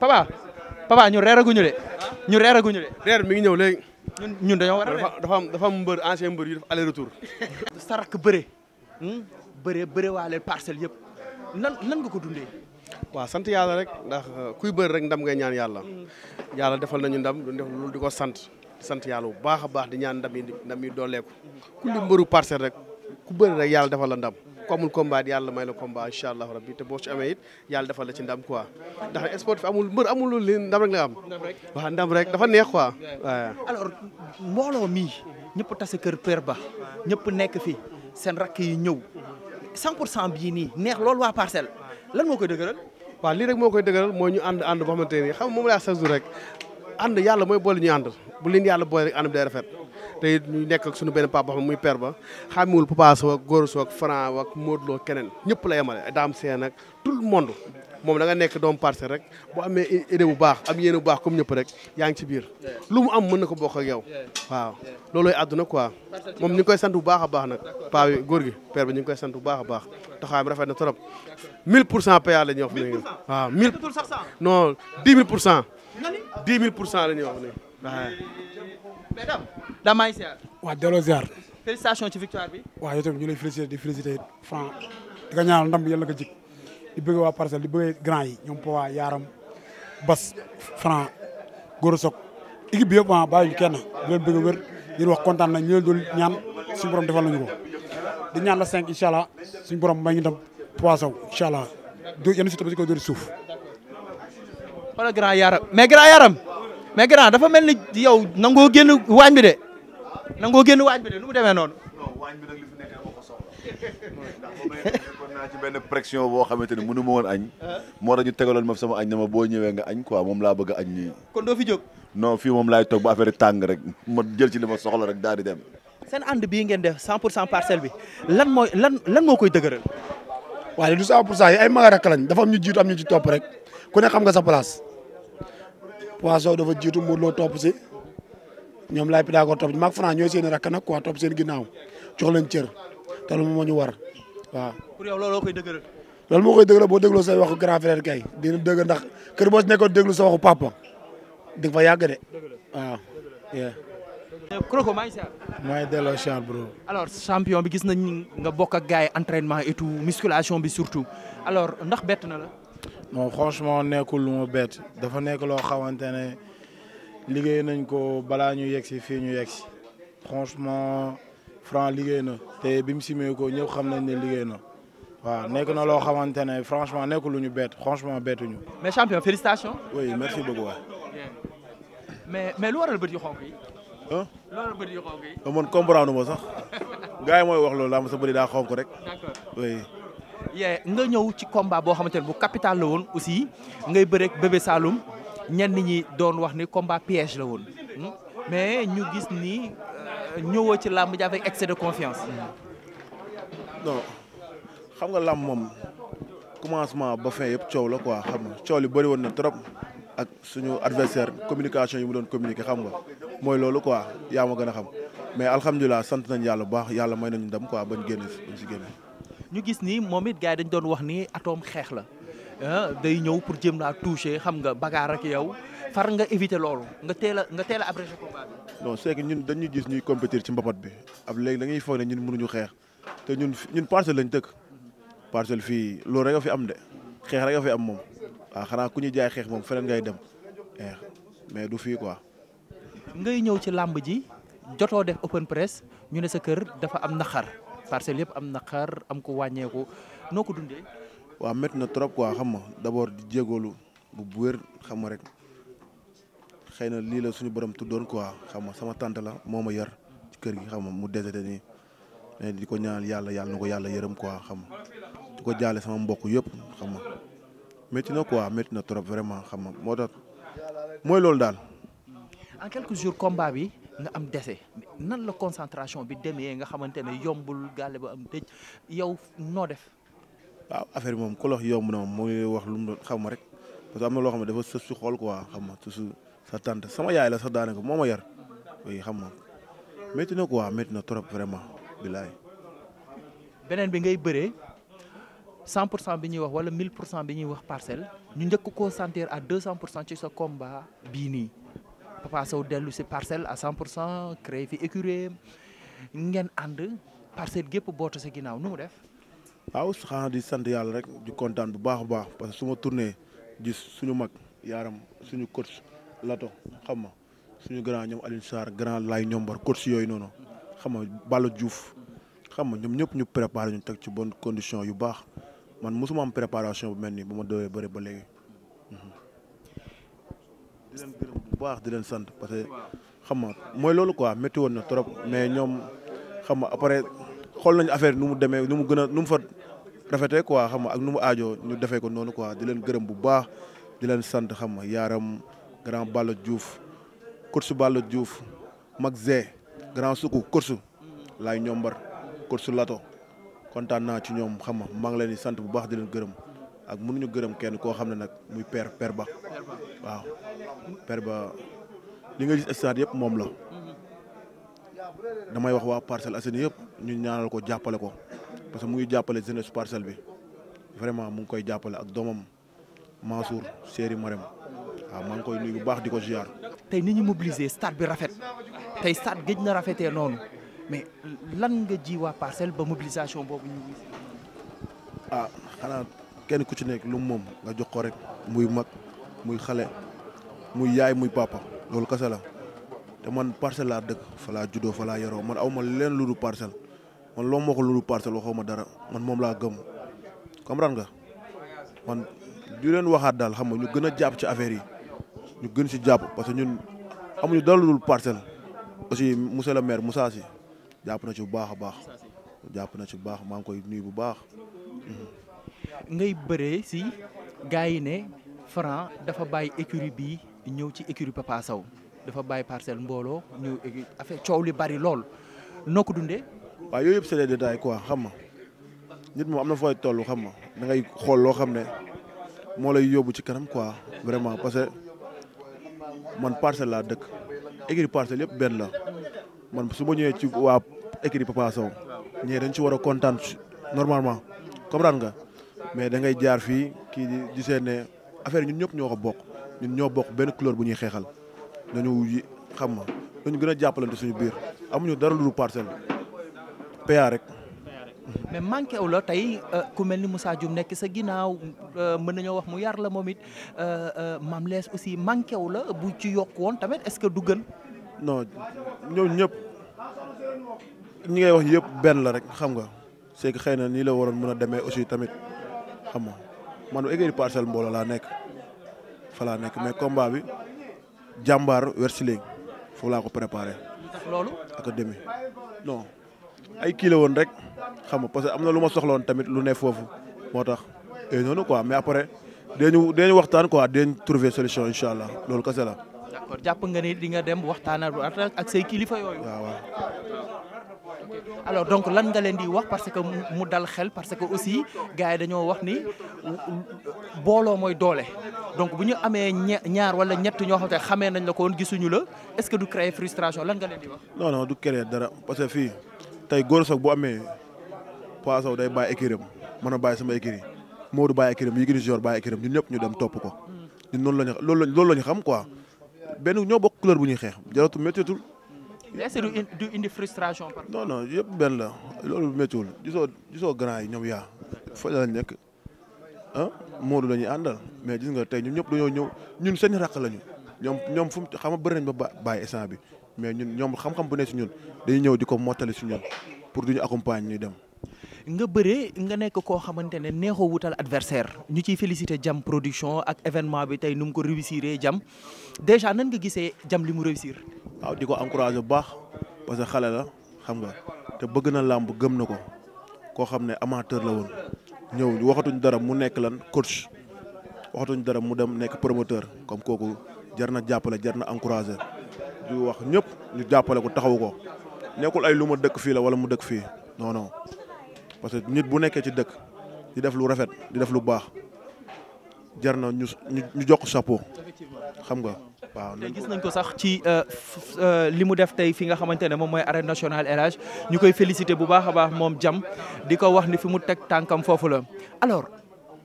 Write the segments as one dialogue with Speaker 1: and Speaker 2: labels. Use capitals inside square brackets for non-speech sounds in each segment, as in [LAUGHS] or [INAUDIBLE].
Speaker 1: papa papa ñu reer reeraguñu de ñu reeraguñu de. reer mi ñëw léegi. ñun ñun dañoo war dafa am dafa am mbër ancien mbër yu def aller retour. [LAUGHS] sa rakk bëre. Hmm? bëre waa leen parcelles yëpp nan nan nga ko dundee. waaw sant yàlla rek ndax uh, kuy bëri rek ndam ngay ñaan yàlla. yàlla defal na ñu ndam du def loolu di ko sant. sant yàlla bu baax a baax di ñaan ndam yi ndam yi ku li mbëru parcelle rek ku bëri rek yàlla defal la ndam. ku amul combat yàlla may la combat incha allah rabbi te boo ci amee it yàlla defal la ci ndam quoi ndax sport fi amul mbër amul lu ndam rek la am. waaw ndam rek dafa neex quoi waaw.
Speaker 2: alors mbooloo mii ñëpp tase kër Père Ba ñëpp nekk fi seen rakk yi ñëw
Speaker 1: 100 pour cent bii nii neex loolu waa parcelle lan moo koy dëgëral. waaw lii rek moo koy dëgëral mooy ñu ànd ànd boo xamante ne xam moom laa sax rek ànd yàlla mooy boole ñu ànd bu leen yàlla boole te it ñu nekk ak suñu benn papa muy père ba xàmmiwul Papa Sow ak Gora Sow ak Franc ak Modou Lo keneen ñëpp la yemale daam seen nag tout le monde moom da nga nekk doomu Parcelles rek boo amee idée bu baax am yéene bu baax comme ñëpp rek yaa ngi ci biir lu mu am mën na ko bokk ak yow waaw loolooy àdduna ko moom ñu koy sant bu baax a baax nag paa góor gi père bi ñu ngi koy sant bu baax a baax taxawaayam rafet na trop 1000 pour cent paya la ñuy wax ne waaw 1000 non 10 000 pour cent 10 000 pour cent la ñuy wax waaw. daa maa ngi ziar. waaw ci victoire bi. waaw yow tamit ñu lay félicité di félicité Franc di ko ñaanal ndam yàlla na ko jig di bëgg waa parcelle di bëgg grand yi ñoom Powa yaaram
Speaker 3: Bas Franc Goro Sok équipe bi yëpp ah, kenn di leen bëgg a wér di wax kontaan nañ ñu leen doon ñaan suñu borom defal nañu ko di ñaan la 5 incha allah suñu borom may ñu dem poisson incha allah du yenn si si ko dóor suuf.
Speaker 2: xoolal grand yaram mais grand yaram. mais grand dafa mel ni yow nangoo génn waañ bi de nangoo génn waañ bi de nu mu demee noonu.
Speaker 1: non waañ bi nag li fi nekkee moo ko soxla ndax ba
Speaker 2: ma woon añ. moo tax ñu tegaloon ma sama añ na ma
Speaker 3: boo ñëwee nga añ quoi moom laa bëgg añ nii. kon doo fi jóg. non fi moom laay toog ba affaire tàng rek ma jël ci li ma soxla rek daal di dem.
Speaker 2: seen ànd bii ngeen def 100 pour cent parcelle bi lan mooy lan lan moo koy dëgëral. waaye du 100 pour cent yi ay mag a rakk lañ dafa am ñu jiitu am ñu ci topp rek ku ne xam nga
Speaker 3: sa place. Papa Sow dafa jiitu Modou Lo topp si ñoom laay Pythagore topp si maag Franc ñooy seen rakk nag quoi topp seen ginnaaw jox leen cër te loolu moo ñu war waaw.
Speaker 2: pour yow koy dëgëral.
Speaker 3: loolu moo koy dëgëral boo dégloo say waxu grand frère kay dina dëgg ndax kër boo si nekkoon déglu sa waxu papa di nga fa yàgg de
Speaker 2: waaw. Croco maa ngi si alors champion bi gis nañ nga bokk ak gars yi entraînement musculation bi surtout alors ndax bett na la.
Speaker 3: non franchement nekkul lu mu bett dafa nekk loo xamante ne liggéey nañ ko balaa ñu yegg si fii ñu yegg si franchement Franc liggéey na te bi mu simee ko ñëpp xam nañ ne liggéey na waaw nekk na loo xamante ne franchement nekkul ñu bett franchement bettuñu.
Speaker 2: mais champion félicitations.
Speaker 3: oui merci beaucoup waay.
Speaker 2: mais mais lu waral bët yu xonk yi. ah lu
Speaker 3: waral sax [LAUGHS] gars mooy wax loolu laa ma sa bëri daa xonk rek.
Speaker 2: yee nga ñëw ci combat boo xamante ne bu capital la woon aussi ngay bëreek bébé Saloum ñenn ñi doon wax ni combat piège la woon hmm? mais ñu gis ni euh, ñëwoo ci làmb ji avec excès de confiance. non
Speaker 3: xam nga làmb moom commencement ba fin yëpp coow la quoi xam nga coow li bëri woon na trop ak suñu adversaire communication yi mu doon communiquer xam nga mooy loolu quoi yaa ma gën a xam mais alhamdulilah sant nañ yàlla bu baax yàlla may nañu ndam quoi bañ génne bañ si génne.
Speaker 2: ñu gis nii moom it gars yi dañ doon wax nii atoom xeex la ah, day ñëw pour jéem laa toucher xam nga bagaar ak yow far nga éviter loolu nga teel a nga teel a abrégé combat bi. non c'est
Speaker 3: dañu gis ñuy compétir ci mbapat bi ab léegi da ngay foog ne ñun mënuñu xeex te ñun ñun parcelle lañ dëkk parcelle fii loolu rek a fi am de xeex rek a fi am moom waaw ah, xanaa ku ñu jaay xeex moom feneen ngay dem eh, mais du fii quoi.
Speaker 2: ngay ñëw ci làmb ji jotoo def open press ñu ne sa kër dafa am naxar. parcelles yëpp am na xaar am ko wàññeeku noo ko dundee.
Speaker 3: waaw métti na trop quoi xam nga d'abord di jégalu bu bu wér xam nga rek xëy na lii la suñu borom tuddoon quoi xam nga sama tante la moo ma yar ci kër gi xam nga mu décédé nii mais di ko ñaanal yàlla yàlla na ko yàlla yërëm quoi xam nga di ko jaale sama mbokk yëpp xam nga métti na quoi métti na trop vraiment xam nga moo tax mooy loolu daal.
Speaker 2: nga am dese nan la concentration bi demee nga xamante ne yombul gaale ba am dëj yow noo def.
Speaker 3: waaw affaire bi moom ku la wax yomb na moom moo wax lu mu doon xam ma rek parce na loo xam ne dafa sës si xool quoi xam ma su sa tante sama yaay la sax daanaka moo ma yar oui xam ma métti ko quoi métti na trop vraiment bilaay.
Speaker 2: beneen bi ngay bëree. cent pour cent bi ñuy wax wala mille pour cent bi ñuy wax parcelle ñu njëkk koo sentir à deux pour cent ci sa combat bii nii Papa Sow dellu si parcelle à 100 pour cent créé fi écurie ngeen ànd parcelle gépp bootu sa ginnaaw nu mu def.
Speaker 3: waaw xanaa di sant yàlla rek di kontaan bu baax a baax parce que su ma tourné gis suñu mag yaaram suñu coach lato xam ma suñu grand ñoom Alioune Sarr grand Laye Ñombar coach yooyu noonu xam nga Balla Diouf xam nga ñoom ñëpp ñu préparé ñu teg ci bonne condition yu baax man mosuma am préparation bu mel nii ba ma doyee bëri ba léegi. Mhm. baax di leen sant parce que xam nga mooy loolu quoi métti na trop mais ñoom xam nga après xool nañu affaire nu mu demee nu mu gën a nu mu fa rafetee quoi xam nga ak nu mu aajoo ñu defee ko noonu quoi di leen gërëm bu baax di leen sant xam nga yaaram grand Balla Diouf course Balla Diouf mag Zé grand suku course laay ñombar course lato kontaan naa ci ñoom xam nga maa ngi leen di sant bu baax di leen gërëm. ak mënuñu gërëm kenn koo xam ne nag muy per per ba waaw per ba li nga gis stade yëpp moom la damay wax waa Parcelles assen yëpp ñu ñaanal ko jàppale ko parce que mu ngi jàppale jeunesse parcelle bi vraiment mu ngi koy jàppale ak doomam Mansour Séri Marème waaw maa ngi koy nuyu bu baax di ko ziar.
Speaker 2: tey ni ñu mobiliser stade bi rafet tey stade géej na rafetee noonu mais lan nga ji waa parcelle ba mobilisation boobu ñu.
Speaker 3: ah xanaa kenn ku ci nekk lu moom nga jox ko rek muy mag muy xale muy yaay muy papa loolu kese la te man parcelle laa dëkk fa laa juddoo fa laa yaroo man awma leen lu dul parcelle man loo ma ko lu dul parcelle ma dara man moom laa gëm comprendre nga man di leen waxaat daal xam nga ñu gën a jàpp ci affaire yi ñu gën si jàpp parce que ñun amuñu dara lu dul parcelle aussi monsieur le maire Moussa Sy jàpp na ci bu baax a baax jàpp na ci bu baax maa ngi koy nuyu bu baax
Speaker 2: ngay bëree si gars yi ne Franc dafa bàyyi écurie bi ñëw ci écurie Papa Sow dafa bàyyi parcelle mbooloo ñëw écurie affaire coow li bari lool noo ko dundee.
Speaker 3: waaw yooyu yëpp c'est des détails quoi xam nga nit moom am na fooy toll xam nga ngay xool loo xam ne moo lay yóbbu ci kanam quoi vraiment parce que man parcelle laa dëkk écurie parcelle yëpp benn la man su ma ñëwee ci waa écurie Papa Sow ñee dañ ci war a kontaan normalement comprendre nga. mais da ngay jaar fii kii di gisee ne affaire ñun ñëpp wax a bokk ñun ñoo bokk benn couleur bu ñuy xeexal nañu xam ma nañu gën a jàppalante suñu biir amuñu dara lu dul parcelle PA rek.
Speaker 2: mais manqué wu la tey euh, ku mel ni Moussa Dioum nekk sa ginnaaw euh, mën nañoo wax mu yar la moom it euh, Mame Less aussi manqué wu la bu ci yokk woon tamit est-ce que du gën. non ñoom ñëpp
Speaker 3: ñi ngay wax yëpp benn la rek xam nga c'est que xëy na nii la waroon mën a demee aussi tamit. xam nga man bu écurie parcelle mbooloo laa nekk fa nekk mais combat bi jàmbaar weer si léegi foofu laa ko préparé. loolu ak demi non ay kii woon rek xam nga parce que am na lu ma soxla tamit lu ne foofu moo tax. et noonu quoi mais après dinañu dinañu waxtaan quoi dinañ trouver solution incha allah loolu kese la.
Speaker 2: jàpp nga ni di nga dem waxtaan ak say kilifa yooyu. waaw waaw. alors donc lan nga leen di wax parce que mu dal xel parce que aussi gars yi dañoo wax ni booloo mooy doole donc bu ñu amee ñaar wala ñett ñoo xam te xamee nañ la ko gisuñu la est-ce que du créer frustration lan nga leen di wax.
Speaker 3: non du créer dara parce que fii tey góor soog bu amee poisson day bàyyi écurie-am mën a bàyyi sama écurie Modou bàyyi écurie-am Yékini Junior bàyyi écurie-am ñun ñëpp ñu dem topp ko. Hmm. ñun noonu la ñu loolu la xam quoi benn ñoo bokk couleur
Speaker 2: est-ce du indi frustration. non non
Speaker 3: yëpp benn la loolu méttiwul di gisoo grand yi ñoom yaa fa la nekk ah Modou àndal mais gis nga tey ñun ñëpp dañoo ñëw ñun seen raq lañu ñoom ñoom fu mu xam nga bëri nañ ba bàyyi instant bi mais ñun ñoom xam-xam bu ne si ñun dañuy ñëw di ko mottali si ñun pour du ñu accompagne ñu dem.
Speaker 2: nga bëree nga nekk koo xamante ne neexoo wutal adversaire ñu ciy félicité jam production ak événement bi tey nu mu ko réussir jam déjà nan nga gisee jam li mu réussir. waaw di ko encouragé bu baax
Speaker 3: parce que xale la xam nga te bëgg na làmb gëm na ko koo xam ne amateur la woon ñëw waxatuñ dara mu nekk lan coach waxatuñ dara mu dem nekk promoteur comme kooku jar na jàppale jar na encouragé di wax ñëpp ñu jàppale ko taxawu ko nekkul ay lu ma dëkk fii la wala mu dëkk fii non parce que nit bu nekkee ci dëkk di def lu rafet di def lu baax jar na ñu jox chapeau xam nga waaw
Speaker 2: tey gis nañ ko sax ci euh, euh, li mu def tey fi nga xamante ne moom mooy arène national érage ñu koy félicité bu baax a baax moom jam di ko wax ni fi mu teg tànkam foofu la alors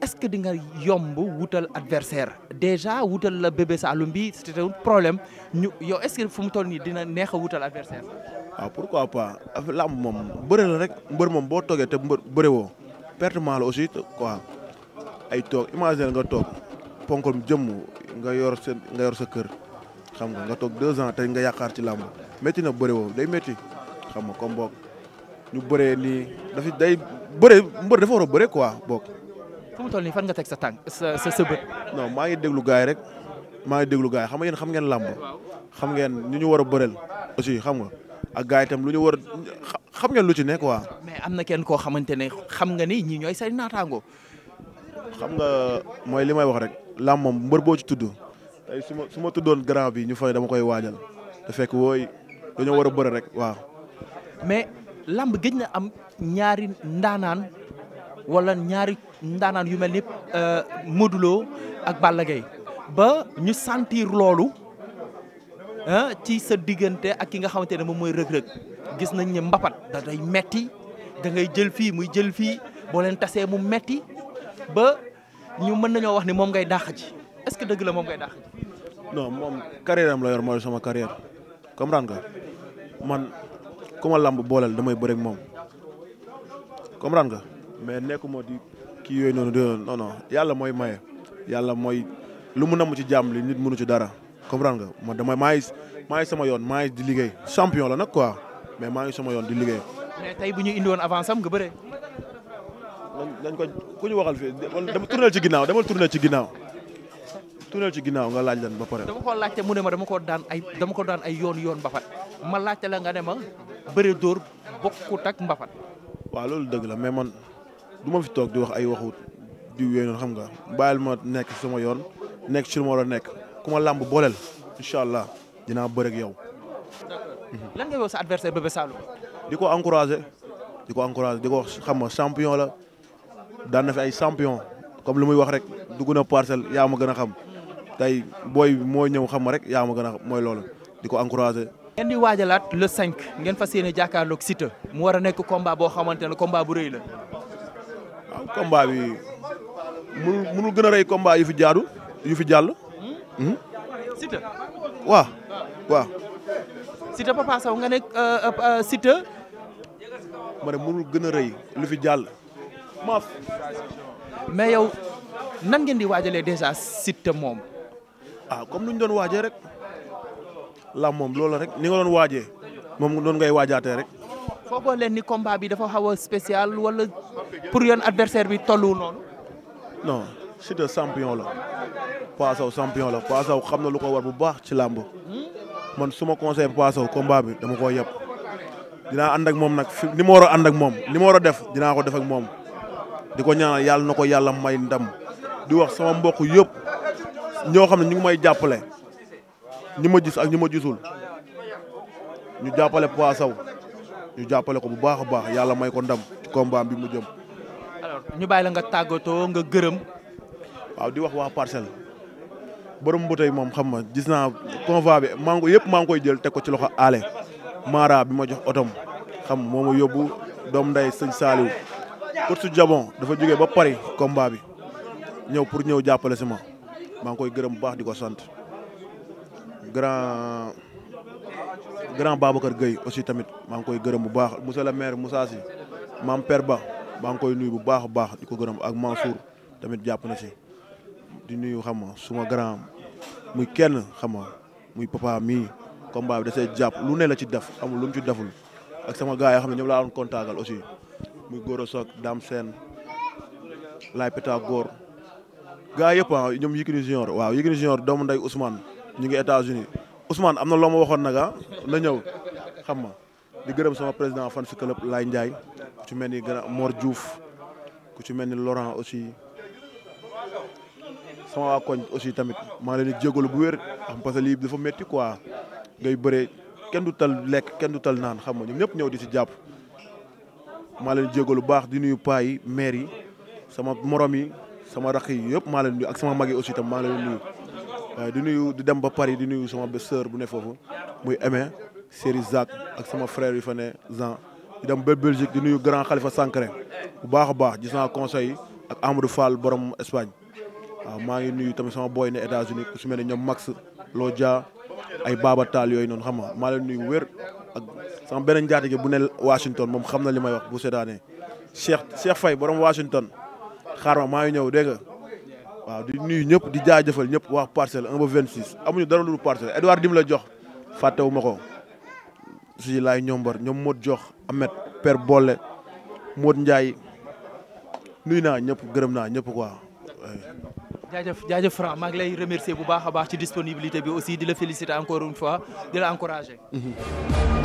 Speaker 2: est-ce que di nga yomb wutal adversaire déjà wutal la bébé Saloum bi c'était un problème ñu yo est-ce que fu mu toll nii dina neex a wutal adversaire
Speaker 3: waaw ah, pourquoi pas làmb moom bëre la rek mbër moom boo toogee te mbër bëre woo pertement la aussi quoi ay toog imaginer nga toog ponkol jëmm nga yor sa nga sa kër xam nga nga toog deux ans te nga yaakaar ci lamb métti na bëre day métti xam nga comme boog ñu bëree nii dafi day bëre mbër dafa war a bëre quoi
Speaker 2: boog. fu mu toll nii fan nga teg sa tànk sa sa bët.
Speaker 3: non maa ngi déglu gaay rek maa ngi déglu xam nga yéen xam ngeen làmb xam ngeen ñu ñu war a bëreel aussi xam nga. ak gars yi lu ñu war xam ngeen lu ci nekk waa
Speaker 2: mais am na kenn koo xamante ne xam nga ni ñi ñooy say naataango. xam nga
Speaker 3: mooy li may wax rek làmb moom mbër boo ci tudd tey suma tuddoon grand bi ñu fay dama koy waajal te fekk wooy dañoo war a bëre
Speaker 2: rek waaw. mais làmb gëj na am ñaari ndaanaan wala ñaari ndaanaan yu mel ni euh, Modou Lo ak Balla ba ñu sentir loolu. Ah, ci sa diggante ak ki nga xamante ne moom mooy rëg-rëg gis nañ ne mbapat da day metti da ngay jël fii muy jël fii boo leen tasee mu metti ba ñu mën nañoo wax ni moom ngay dàq ji est-ce que dëgg la moom ngay dàq ji.
Speaker 3: non moom carrière am la yor mooy sama carrière comprendre nga man ku ma làmb booleel damay bëre ak moom comprendre nga mais nekkuma di kii yooyu noonu non non yàlla mooy maye yàlla mooy lu mu namm ci jàmm li nit mënu ci dara. comprendre nga ma dama maa maa sama yoon maa ngi di liggéey champion la nag quoi mais maa ngi sama yoon di liggéey.
Speaker 2: mais tey bu ñu indiwoon avance am nga bëre. dañ ko ku ñu waxal fii dama
Speaker 3: ci ginnaaw dama tournel ci ginnaaw. tournel ci ginnaaw nga laaj lan ba pare. dama
Speaker 2: ko mu ne ma dama ko daan ay dama ko daan ay yoon yoon mbapat ma laajte la nga ne ma bëre dóor bokkut ak
Speaker 3: loolu dëgg la mais man du ma fi toog di wax ay waxut di yooyu xam nga bàyyil ma nekk sama yoon nekk ci lu nekk. ku ma làmb booleel incha allah dinaa bëre ak yow.
Speaker 2: lan nga wax sa adversaire Bébé Saloum.
Speaker 3: di ko encouragé di ko encouragé di ko xam champion la daan na fi ay champion comme lu muy wax rek dugg na parcelle yaa ma gën a xam tey booy moo ñëw xam ma rek yaa ma gën a xam mooy lool di ko
Speaker 2: indi waajalaat le 5 ngeen fas yéene jàkkaarloog Siteu mu war a nekk combat boo xamante ne combat bu rëy la.
Speaker 3: waaw bi mënul gën a rëy combat yu jaadu yu fi Siteu.
Speaker 2: waaw waaw. Siteu Papa Sow nga ne euh, euh, euh, Siteu. ma ne mënul gën a rëy lu fi jàll. maaf. mais yow nan ngeen di waajalee déjà Siteu moom.
Speaker 3: ah comme lu ñu doon waajee rek. la moom loola rek ni nga doon waajee moom doon ngay waajaatee rek.
Speaker 2: foogoo leen ni combat bi dafa xaw a spécial wala pour yoon adversaire bi tollu noonu.
Speaker 3: non Siteu champion la. Papa Sow champion la Papa Sow xam na lu ko war bu baax ci làmb man suma ma conseillé Papa Sow bi dama koo yëpp dinaa ànd ak moom nag fi ma war a ànd ak moom ni ma war a def dinaa ko def ak moom di ko ñaanal yàlla na ko yàlla may ndam di wax sama mbokk yëpp ñoo xam ne ñu ngi may jàppale ñi ma gis ak ñi ma gisul ñu jàppale Papa ñu jàppale ko bu baax a baax yàlla may ko ndam ci combat bi mu jëm.
Speaker 2: ñu bàyyi la nga tàggatoo nga gërëm. waaw di wax waa parcelle
Speaker 3: borom ba tey moom xam nga gis naa convoi bi maa yëpp maa ngi koy jël teg ko ci loxo ale Mara bi ma jox otom xam nga moo ma yóbbu doom nday sëñ Saliou pour su jabon dafa jóge ba Paris combat bi ñëw pour ñëw jàppale si ma maa ngi koy gërëm bu baax di ko sant grand grand Babacar Gueye aussi tamit maa ngi koy gërëm bu baax monsieur le maire Moussa Sy maam Père Ba maa ngi koy nuyu bu baax a baax di ko gërëm ak Mansour tamit jàpp na si di nuyu xam suma grand muy kenn xam nga muy papa mii combat bi da see jàpp lu ne la ci def amul lu mu ci deful ak sama gars yoo xam ne ñoom laa doon contactal aussi muy Goro Sock Dame Sène Laye Pythagore gars yëpp a ah, ñoom Yékini Junior waaw Yékini Junior doomu nday Ousmane ñu ngi États-Unis Ousmane am na loo ma waxoon nag ah, na ñëw xam ma di gërëm sama président fan si club Laye Ndiaye ku ci mel ni gën a Mor ku ci mel ni Laurent aussi sama waa koñ aussi tamit maa leen di jégalu bu wér xam parce que lii dafa metti quoi ngay bëree kenn du tal lekk kenn du tal naan xam nga ñoom ñëpp ñëw di si jàpp. maa leen di jégalu baax di nuyu paa yi maire yi sama morom yi sama rakk yi yëpp maa leen nuyu ak sama mag yi aussi tam maa leen nuyu. waaye di nuyu di dem ba Paris di nuyu sama sœur bu ne foofu muy Aimé Séri Zak ak sama frère yu fa ne Jean di dem ba Belgique di nuyu grand Khalifa Sankare bu baax a baax gis naa conseil ak Amadou Fall borom Espagne. waaw maa ngi nuyu tamit sama boy ne États-Unis su si mel ne ñoom Max loo jaa ay Baba Taal yooyu noonu xam nga maa leen nuyu wér ak sama beneen njaatige bu ne Washington moom xam na li may wax bu seetaanee Cheikh Cheikh Faye borom Washington xaar ma maa ngi ñëw dégg waaw di nuyu ñëpp di jaajëfal ñëpp wax parcelle 1 ba 26 amuñu dara lu parcelle Edouard dim la jox fàttewu ma ko suñu laay ñombar ñoom Modou jox Ahmed Père boole Modou Ndiaye nuyu naa ñëpp gërëm naa ñëpp quoi.
Speaker 2: jaajëf jaajëf Franc maa ngi lay remercier bu baax a baax ci disponibilité bi aussi di la féliciter encore une fois di la encourager. Mhm.